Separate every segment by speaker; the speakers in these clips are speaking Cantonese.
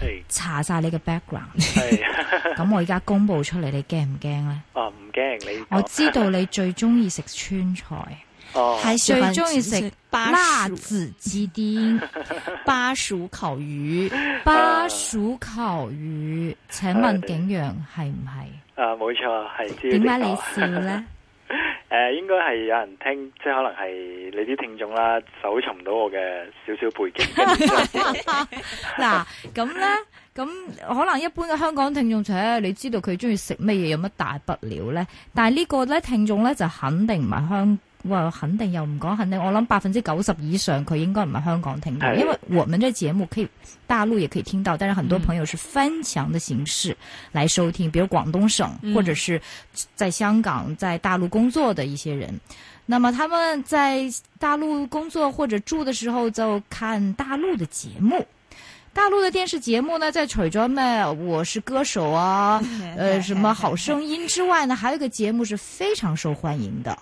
Speaker 1: Hey. 查晒你嘅 background，咁我而家公布出嚟，你驚唔驚咧？
Speaker 2: 啊、uh，唔驚，你我知
Speaker 1: 道你最中意食川菜
Speaker 2: ，uh. 最中意食
Speaker 1: 辣子雞丁、 巴蜀烤魚、巴蜀烤魚，請問景羊係唔係？
Speaker 2: 啊，冇、uh, 錯，係點解你笑咧？ 誒、呃，應該係有人聽，即係可能係你啲聽眾啦，搜尋唔到我嘅少少背景。
Speaker 1: 嗱， 咁咧，咁可能一般嘅香港聽眾仔，你知道佢中意食乜嘢，有乜大不了咧？但係呢個咧，聽眾咧就肯定唔係香港。我肯定要唔講肯定，我諗百分之九十以上佢應該唔係香港聽過，因為我們這節目可以大陸也可以聽到，但是很多朋友是翻牆的形式來收聽，嗯、比如廣東省或者是在香港、在大陸工作的一些人，嗯，那麼他們在大陸工作或者住的時候就看大陸的節目，大陸的電視節目呢，在彩妝咩，我是歌手啊，呃， 什麼好聲音之外呢，還有一個節目是非常受歡迎的。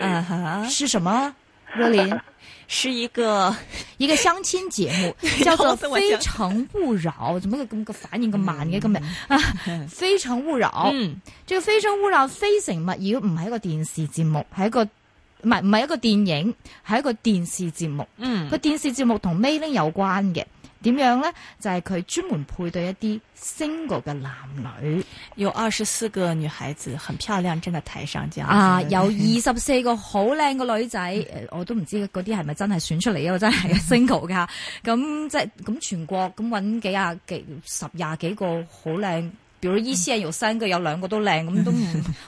Speaker 1: 啊哈！是什麼？若琳 是一個一個相親節目， 叫做《非誠勿擾》。 怎麼個咁個，個反應咁慢嘅今日啊？《非誠勿擾》嗯， 這個《非誠勿擾》非《非誠勿擾》唔係一個電視節目，係一個唔係唔係一個電影，係一個電視節目。嗯， 個電視節目同 main 有關嘅。點樣咧？就係佢專門配對一啲 single 嘅男女。有二十四個女孩子，很漂亮，真係在台上嘅。啊，有二十四個好靚嘅女仔，誒、 呃，我都唔知嗰啲係咪真係選出嚟，我真係 single 嘅。咁即係咁全國咁揾幾啊幾十廿幾個好靚，比如伊思係肉身嘅，有兩個都靚，咁都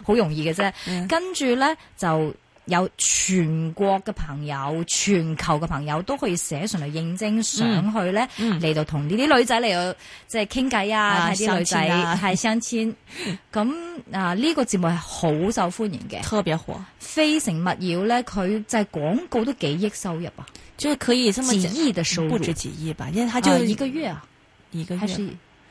Speaker 1: 好容易嘅啫。 跟住咧就。有全國嘅朋友、全球嘅朋友都可以寫上嚟應徵上去咧，嚟、嗯嗯、到同呢啲女仔嚟到即係傾偈啊！係啲女仔，係相親咁啊，呢、啊嗯啊這個節目係好受歡迎嘅，特別火。非誠勿擾咧，佢就係廣告都幾億收入啊，就是可以這麼幾億的收入，不止幾
Speaker 3: 億吧？因為佢就一個月啊，一個月。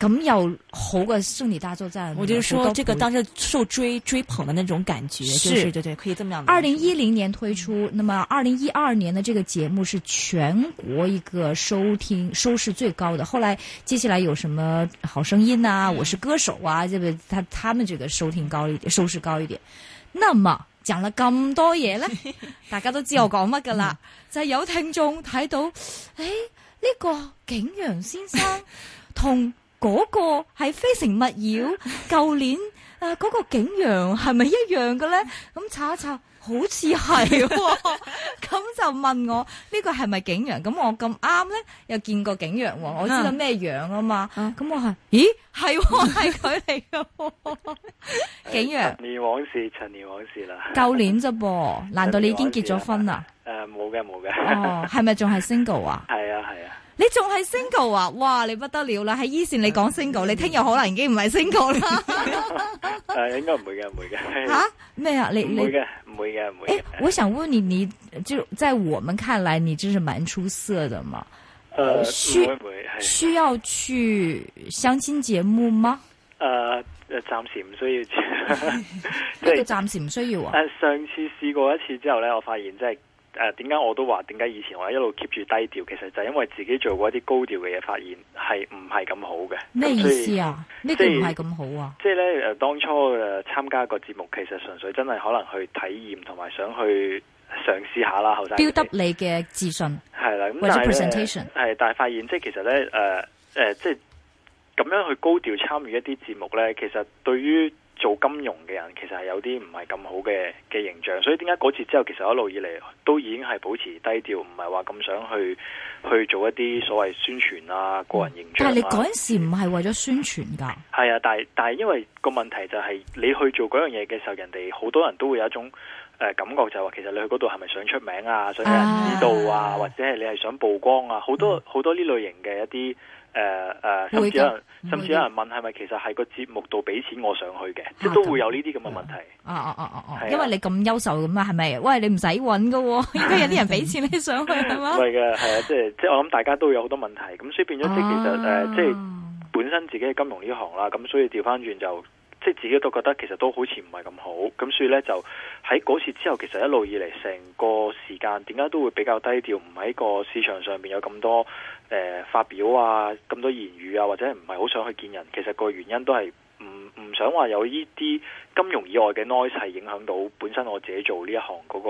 Speaker 1: 咁有好個送禮大作戰，我就是說，這個當時受追追捧的那種感
Speaker 3: 覺，就是，是，對對，可以這麼樣。二
Speaker 1: 零一零年推出，嗯、那麼二零一二年的這個節目是全國一個收聽收視最高的。後來接下來有什麼好聲音啊，嗯、我是歌手啊，這個他他們這個收聽高一點，收視高一點。那麼講咗咁多嘢呢， 大家都知道我講乜㗎喇？就係有聽眾睇到，誒、哎、呢、這個景羊先生 同。嗰、那個係非誠勿擾，舊年誒嗰、那個景羊係咪一樣嘅咧？咁查一查，好似係、哦，咁 就問我、這個、是是我呢個係咪景羊？咁我咁啱咧，又見過景羊，我知道咩樣啊嘛。咁、啊啊、我係，咦，係喎、哦，係
Speaker 2: 佢嚟嘅， 景羊。陳年往事，陳年往事啦。舊
Speaker 1: 年咋噃，難道你已經結咗婚啦？
Speaker 2: 誒，冇、啊、嘅，冇嘅。 哦，係
Speaker 1: 咪仲係 single 啊？係啊，
Speaker 2: 係啊。
Speaker 1: 你仲係 single 啊？哇，你不得了啦！喺以前你講 single，你聽日可能已經唔係 single 啦。係 、
Speaker 2: 啊、應該唔會嘅，唔會嘅。吓、
Speaker 1: 啊、咩啊？你唔會嘅，你唔會嘅，
Speaker 2: 唔會嘅，唔會嘅、
Speaker 1: 欸。我想問你，你就在我們看來，你真係蠻出色的嘛？
Speaker 2: 誒、呃，需需
Speaker 1: 要去相親節目嗎？誒、
Speaker 2: 呃、誒，暫時唔需要、 就是。即係暫時
Speaker 1: 唔需要啊。但
Speaker 2: 上次試過一次之後咧，我發現即係。誒、啊，點解我都話點解以前我一路 keep 住低調，其實就係因為自己做過一啲高調嘅嘢，發現係唔係咁好嘅。咩意思啊？
Speaker 1: 呢個唔係咁好
Speaker 2: 啊？即係咧誒，當初誒參加個節目，其實純粹真係可能去體驗同埋想去嘗試下啦。後生 build
Speaker 1: up 你嘅自信
Speaker 2: 係啦，咁但係咧，係但係發現，即係其實咧誒誒，即係咁樣去高調參與一啲節目咧，其實對於。做金融嘅人其實是些不是那麼，係有啲唔係咁好嘅嘅形象，所以點解嗰次之後，其實一路以嚟都已經係保持低調，唔係話咁想去去做一啲所謂宣傳啊個人形象、啊嗯。但係你嗰陣
Speaker 1: 時唔係為咗宣傳噶，
Speaker 2: 係啊，但係，但係因為個問題就係、是、你去做嗰樣嘢嘅時候，人哋好多人都會有一種誒、呃、感覺、就是，就係話其實你去嗰度係咪想出名啊，想有人知道啊，啊或者係你係想曝光啊，好多好、嗯、多呢類型嘅一啲。誒、呃、誒、呃，甚至有人甚至有人問係咪其實係個節目度俾錢我上去嘅、啊，即都會有呢啲咁嘅問題、啊啊啊啊啊。因為你
Speaker 1: 咁優秀咁啊，係咪？喂，你唔使搵噶，應該有啲人俾錢你上去
Speaker 3: 係嘛？唔係
Speaker 2: 噶，係 啊，即係即係我諗大家都有好多問題。咁 所以變咗即其實誒，即、呃、係本身自己係金融呢行啦，咁所以調翻轉就即係自己都覺得其實都好似唔係咁好。咁所以呢，就喺嗰次之後，其實一路以嚟成個時間，點解都會比較低調，唔喺個市場上面有咁多。誒、呃，發表啊，咁多言語啊，或者唔係好想去見人，其實個原因都係唔唔想話有呢啲金融以外嘅 noise 係影響到本身我自己做呢一行嗰、嗰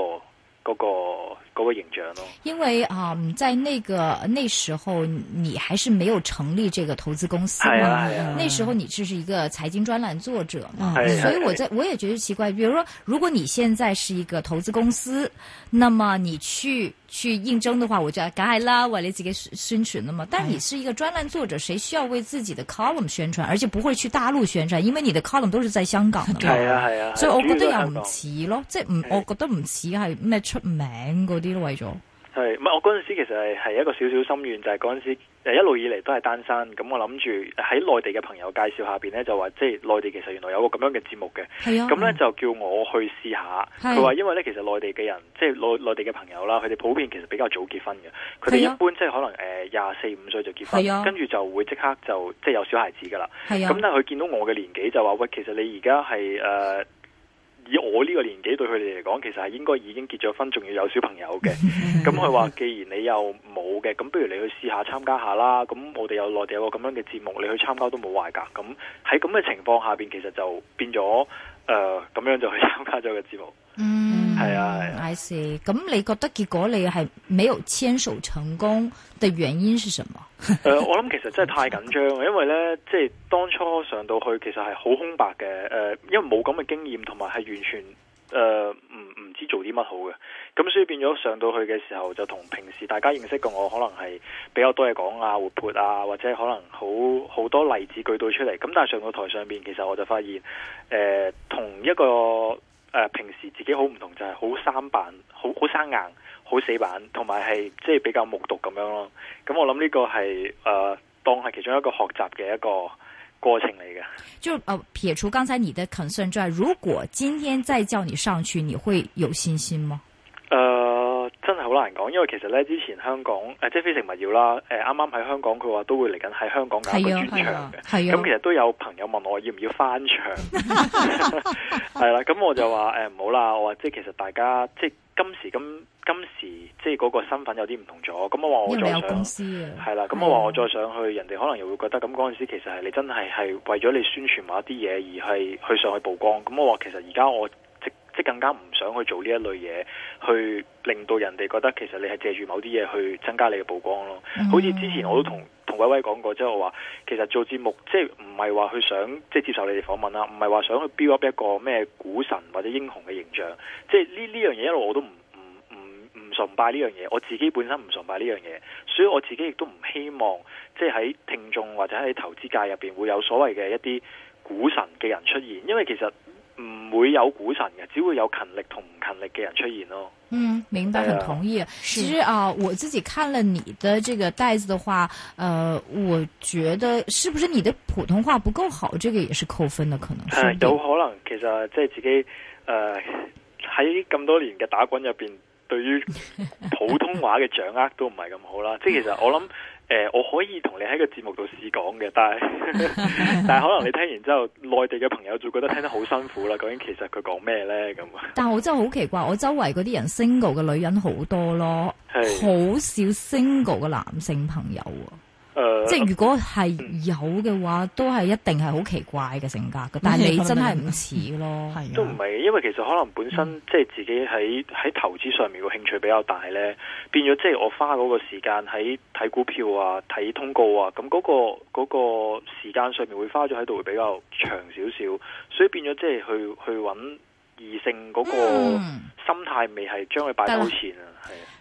Speaker 2: 個嗰、嗰個嗰個、形象咯。
Speaker 1: 因為啊、嗯，在那個那時候，你還是沒有成立這個投資公司嘛、哎。那時候你只是一個財經專欄作者嘛、哎。所以我在、哎、我也覺得奇怪，比如說，如果你現在是一個投資公司，那麼你去。去應徵的話，我就梗係啦，為你自己宣傳啦嘛。但係你是一個專欄作者，誰需要為自己的 column 宣傳？而且不會去大陸宣傳，因為你的 column 都是在香港嘅。係啊係啊，所以我覺得又唔似咯，即係唔，我覺得唔似係咩出名嗰啲咯為咗。
Speaker 2: 係，我嗰陣時其實係一個小小心願，就係嗰陣時誒，一路以嚟都係單身，咁我諗住喺內地嘅朋友介紹下邊咧，就話即係內地其實原來有個咁樣嘅節目嘅，咁咧、啊啊、就叫我去試下。佢話、啊、因為咧其實內地嘅人，即係內內地嘅朋友啦，佢哋普遍其實比較早結婚嘅，佢哋一般即係、啊就是、可能誒廿四五歲就結婚，跟住、啊、就會即刻就即係、就是、有小孩子噶啦。咁、啊、但係佢見到我嘅年紀就話喂，其實你而家係誒。呃以我呢個年紀對佢哋嚟講其實係應該已經結咗婚，仲要有小朋友嘅。咁佢話既然你又冇嘅，咁不如你去試下參加下啦。咁我哋有內地有個咁樣嘅節目，你去參加都冇壞㗎。咁喺咁嘅情況下邊其實就變咗誒咁樣就去參加咗個節目。嗯，係啊。
Speaker 1: 咁你覺得結果你係沒有牽手成功的原因是什麼？
Speaker 2: 誒、 呃，我諗其實真係太緊張，因為咧，即係當初上到去其實係好空白嘅，誒、呃，因為冇咁嘅經驗，同埋係完全誒唔唔知做啲乜好嘅。咁所以變咗上到去嘅時候，就同平時大家認識過，我，可能係比較多嘢講啊，活潑啊，或者可能好好多例子舉到出嚟。咁但係上到台上邊，其實我就發現，誒、呃，同一個。誒、呃，平時自己好唔同就係好生板，好好生硬，好死板，同埋係即係比較木獨咁樣咯。咁、嗯、我諗呢個係誒、呃，當係其中一個學習嘅一個過程嚟嘅。
Speaker 1: 就誒、呃，撇除剛才你嘅 concern 之外，如果今天再叫你上去，你會有信心嗎？
Speaker 2: 誒、呃。好難講，因為其實咧之前香港誒、呃，即係非誠勿擾啦。誒、呃，啱啱喺香港佢話都會嚟緊喺香港搞一個轉場嘅。係啊，
Speaker 1: 咁、啊啊嗯、其實
Speaker 2: 都有朋友問我要唔要返場。
Speaker 3: 係
Speaker 2: 啦， 咁我就話誒，唔、欸、好啦。我話即係其實大家即係今時今今時即係嗰個身份有啲唔同咗。咁我話我再上係啦。咁我話我再上去、嗯、人哋可能又會覺得咁嗰陣時其實係你真係係為咗你宣傳某啲嘢，而係去上去曝光。咁我話其實而家我。更加唔想去做呢一類嘢，去令到人哋覺得其實你係借住某啲嘢去增加你嘅曝光咯。Mm-hmm. 好似之前我都同同偉偉講過，即係我話其實做節目即係唔係話去想即係接受你哋訪問啦，唔係話想去 build up 一個咩股神或者英雄嘅形象。即係呢呢樣嘢一路我都唔唔唔唔崇拜呢樣嘢，我自己本身唔崇拜呢樣嘢，所以我自己亦都唔希望即係喺聽眾或者喺投資界入邊會有所謂嘅一啲股神嘅人出現，因為其實。會有股神嘅，只會有勤力同唔勤力嘅人出現咯。嗯，
Speaker 1: 明白，嗯、很同意。其實啊、嗯，我自己看了你的這個帶子的話，呃，我覺得是不是你的普通話不夠好，這個也是扣分的可能。有、嗯、
Speaker 2: 可能其實即係自己，誒喺咁多年嘅打滾入邊對於普通話嘅掌握都唔係咁好啦。即 係、嗯、其實我諗。誒、欸，我可以同你喺個節目度試講嘅，但係 但係可能你聽完之後，內地嘅朋友就覺得聽得好辛苦啦。究竟其實佢講咩呢？咁，
Speaker 1: 但係我真係好奇怪，我周圍嗰啲人 single 嘅女人好多咯，好少 single 嘅男性朋友喎。即係如果係有嘅話，嗯、都係一定係好奇怪嘅性格嘅、嗯。但係你真係唔似咯，
Speaker 2: 都唔係，因為其實可能本身、嗯、即係自己喺喺投資上面嘅興趣比較大呢，變咗即係我花嗰個時間喺睇股票啊、睇通告啊，咁嗰個、嗰個時間上面會花咗喺度會比較長少少，所以變咗即係去去揾異性嗰個心態未係將佢擺到前啊，係、
Speaker 1: 嗯。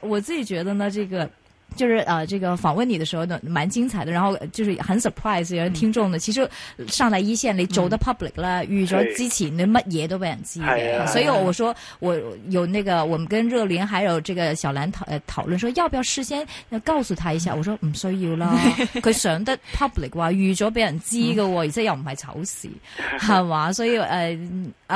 Speaker 1: 我自己覺得呢，這個就是呃，這個訪問你的時候呢，蠻精彩的。然後就是很 surprise，有人聽眾呢、嗯。其實上來一線，你走得 public 啦，預咗之前，你乜嘢都俾人知嘅、哎啊。所以我說，我有那個我們跟熱琳還有這個小蘭討、呃、討論說，要不要事先要告訴他一下。嗯、我說唔需要啦，佢 上得 public 話，預咗俾人知噶喎，而且又唔係醜事，係、啊、嘛？ 所以呃呃，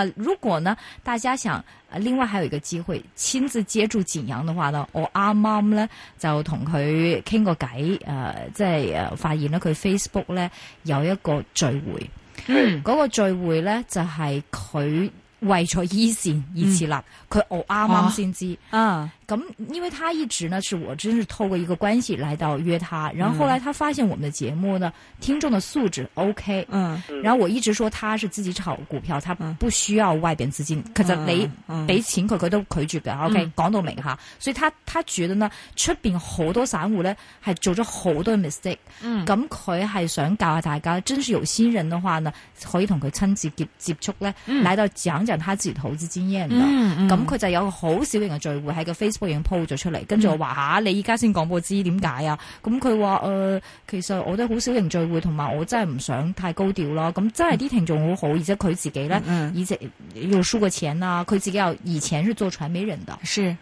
Speaker 1: 呃，如果呢，大家想。另外，還有一個機會親自接住景羊的話呢，我啱啱咧就同佢傾過偈，誒、呃，即係誒發現咧佢 Facebook 咧有一個聚會，嗯，嗰、那個聚會咧就係佢為咗依善而設立，佢我啱啱先知，嗯。咁，因為他一直呢，是我真是透過一個關係來到約他，然後後來他發現我們的節目呢，嗯、聽眾的素質 OK，嗯，然後我一直說他是自己炒股票，他不需要外邊資金，嗯、可就俾俾錢佢佢都拒絕嘅，嗯、OK，講到明哈，所以他，他他覺得呢，出邊好多散戶呢係做咗好多嘅 mistake，嗯、咁佢係想教下大家，真是有新人的話呢，可以同佢親自接接觸呢，嗯、來到講講他自己投資經驗的。咁，嗯、佢就有個好小型嘅聚會喺個 f a c e b o 已經 po 咗出嚟，跟住我話吓你依家先講我知點解啊？咁佢話誒，其實我都好少型聚會，同埋我真係唔想太高調啦。咁真係啲聽眾好好，而且佢自己咧，嗯，而且用輸嘅錢啊，佢自己又以前係做傳媒人的，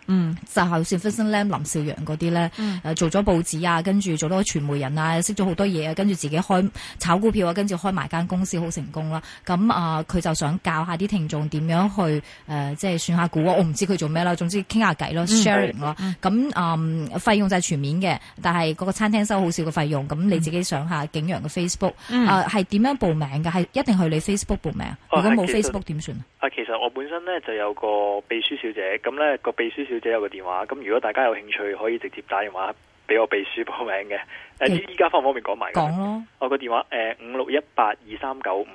Speaker 1: 嗯，就係像 Francis Lam 林少陽嗰啲咧，做咗報紙啊，跟住做多個傳媒人啊，識咗好多嘢啊，跟住自己開炒股票啊，跟住開埋間公司好成功啦。咁啊，佢、嗯呃、就想教下啲聽眾點樣去誒、呃，即係算下股。我唔知佢做咩啦，總之傾下偈咯。嗯 sharing 咯、mm-hmm. mm-hmm. 咁嗯費用就係全面嘅，但係嗰個餐廳收好少嘅費用，咁你自己想下、mm-hmm. 景羊嘅 Facebook，係係點樣報名嘅？係一定去你 Facebook 報名、mm-hmm. 如果冇 Facebook 點算
Speaker 2: 啊？啊，其實我本身咧就有個秘書小姐，咁咧個秘書小姐有個電話，咁如果大家有興趣可以直接打電話俾我秘書報名嘅。誒、呃，依、okay. 家方唔方便講埋？講咯，我、啊那個電話誒五六一八二三九五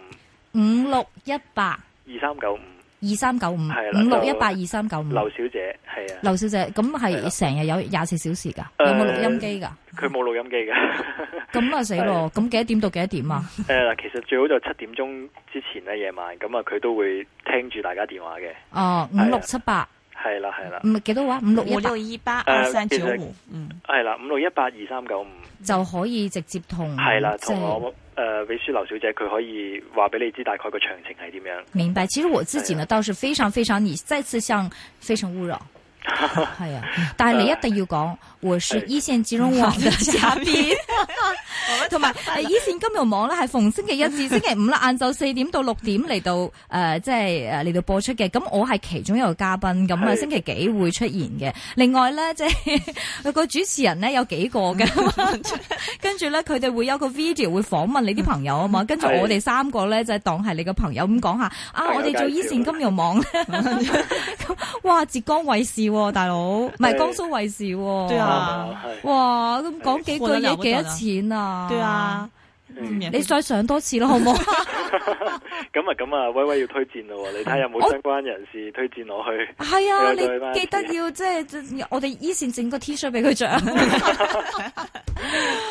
Speaker 2: 五
Speaker 1: 六一八二三九五。呃二三九五係五六一八二三九五，劉小姐
Speaker 2: 係啊，劉
Speaker 1: 小姐咁係成日有廿四小時噶、呃，有冇錄音機噶？
Speaker 2: 佢冇錄音機噶，
Speaker 1: 咁啊死咯！咁幾多點到幾多點啊？
Speaker 2: 誒、嗯、嗱，其實最好就七點鐘之前咧夜晚，咁啊佢都會聽住大家的電話嘅。
Speaker 1: 哦，五六七八。
Speaker 2: 係啦係啦，唔係、嗯、幾多話？五六一六二八二三九五，嗯，係啦，五六一八二三九五
Speaker 1: 就可以直接同係啦，同、就是、
Speaker 2: 我誒秘、呃、書劉小姐，佢可以話俾你知大概個詳情係點樣。
Speaker 1: 明白，其實我自己呢，是倒是非常非常，你再次向非誠勿擾，
Speaker 2: 係 啊，
Speaker 1: 但係你一定要講。 我是一線, 線金融網嘅嘉賓，同埋誒一線金融網咧係逢星期一至星期五啦，晏晝四點到六點嚟到誒，即係誒嚟到播出嘅。咁我係其中一個嘉賓，咁啊星期幾會出現嘅？另外咧，即係個主持人咧有幾個嘅， 跟住咧佢哋會有個 video 會訪問你啲朋友啊嘛。 跟住我哋三個咧就係當係你個朋友咁講 下。啊，啊我哋做一線金融網， 哇！浙江衛視、哦、大佬，唔係江蘇衛視。 哇、啊，咁、啊、講、啊啊啊啊啊啊、幾句嘢幾多錢啊，要要啊？對啊，yeah. 你再上多次咯，好唔好？
Speaker 2: 咁 啊， 咁啊，威威要推薦咯，你睇下有冇相關人士推薦我去。係啊，你記得
Speaker 1: 要 即係，我哋以前整個 T 恤俾佢着。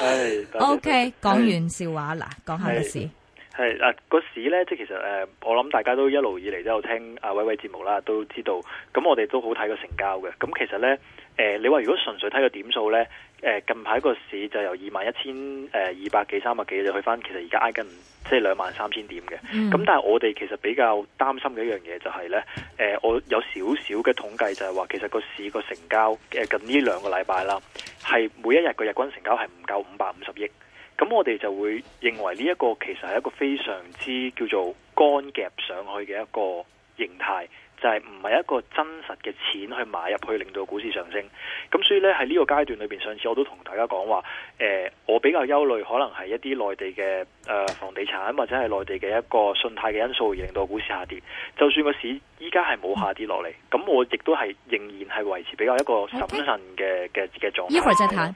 Speaker 2: 唉 ，OK，
Speaker 1: 講完笑話嗱，講 下個市、啊
Speaker 2: 那個、市。係啊，個市咧，即係其實誒、呃，我諗大家都一路以嚟都有聽阿威威節目啦，都知道咁，那我哋都好睇個成交嘅。咁其實咧。呃、你話如果純粹睇個點數呢？誒、呃、近排個市就由二萬一千誒、呃、二百幾三百幾就去翻，其實而家挨近即係兩萬三千點嘅。咁、嗯、但係我哋其實比較擔心嘅一樣嘢就係、是、呢、呃，我有少少嘅統計就係話，其實個市個成交、呃、近呢兩個禮拜啦，係每一日個日均成交係唔夠五百五十億。咁我哋就會認為呢一個其實係一個非常之叫做乾夾上去嘅一個形態。就係唔係一個真實嘅錢去買入去令到股市上升，咁所以呢，喺呢個階段裏邊，上次我都同大家講話，誒、呃，我比較憂慮可能係一啲內地嘅誒、呃、房地產或者係內地嘅一個信貸嘅因素而令到股市下跌。就算個市依家係冇下跌落嚟，咁我亦都係仍然係維持比較一個審慎嘅嘅嘅狀態。一會再係。